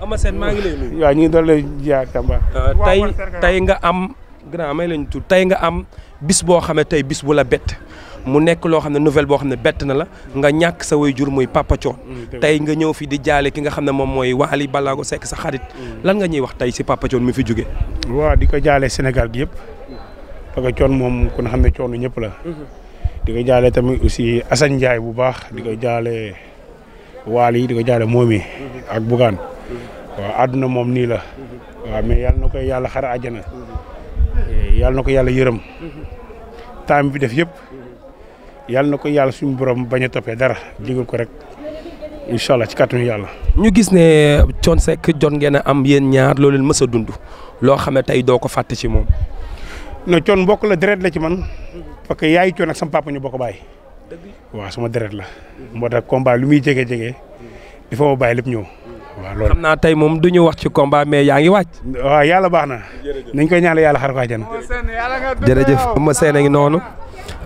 Ama Sène maa ngi waaw ñu ngi doon lay jaar Tamba. Euh, tey tey nga am grand may lañu tur tey nga am bis boo xam tey bis bu la bett mu nekk loo xam ne nouvelle boo xam ne bett na la nga ñàkk sa waajur muy mm, tey nga ñëw fi di jaale ki nga xam ne moom mooy Waly ko sekk sa xarit. Mm. lan nga ñuy wax tey si Papa Thione mi fi jóge waaw di ko jaale Sénégal yëpp. parce moom ku xam ne Thione ñëpp la. Mm-hmm. di ko jaale tamit aussi Assane Ndiaye bu baax di ko jaale Waly di ko jaale Momi mm-hmm. ak Bougane. waaw àdduna moom nii la waaw mais yàlla na koy yàlla xar àjjana yàlla na ko yàlla yërëm taam bi def yëpp yàlla na ko yàlla suñu borom bañ a toppee dara digal ko rek incha allah ci kàttanu yàlla. ñu gis ne Thione Seck jot ngeen a am yéen ñaar loo leen mës dund loo xam ne tey doo ko fàtte ci moom. non Thione mbokk la deret la ci man parce que yaay Thione ak sama papa ñu bokk bàyyi waaw sama deret la moo tax lu muy jege jege il faut ma bàyyi lépp ñëw. waaw loolu xam naa tey moom du ñu wax ci combat mais yaa ngi waaj. waa yàlla baax na. nañ koy ñaanal yàlla xar ko àjjana. jërëjëf Eumeu Sène a ngi noonu.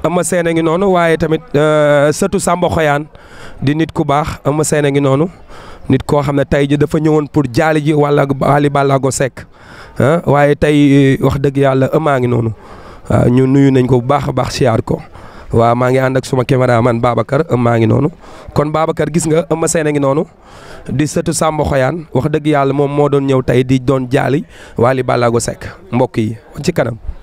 Eumeu Sène a ngi noonu waaye tamit euh, sëtu Samba Xoyaan di nit ku baax Eumeu Sène a ngi noonu. nit koo xam ne tey ji dafa ñëwoon pour jaali ji wala Wally Ballago Seck waaye tey euh, wax dëgg yàlla ëmmaa ngi noonu ñu nuyu nañ ko bu baax a baax siyaar ko. waaw maa ngi ànd ak suma caméraman Babacar ëm maa ngi noonu kon Babacar gis nga ëmma seen a ngi noonu di sëtu Samba Xoyaan wax dëgg yàlla moom moo doon ñëw tey di doon jaali Wally Ballago Seck mbokk yi ci kanam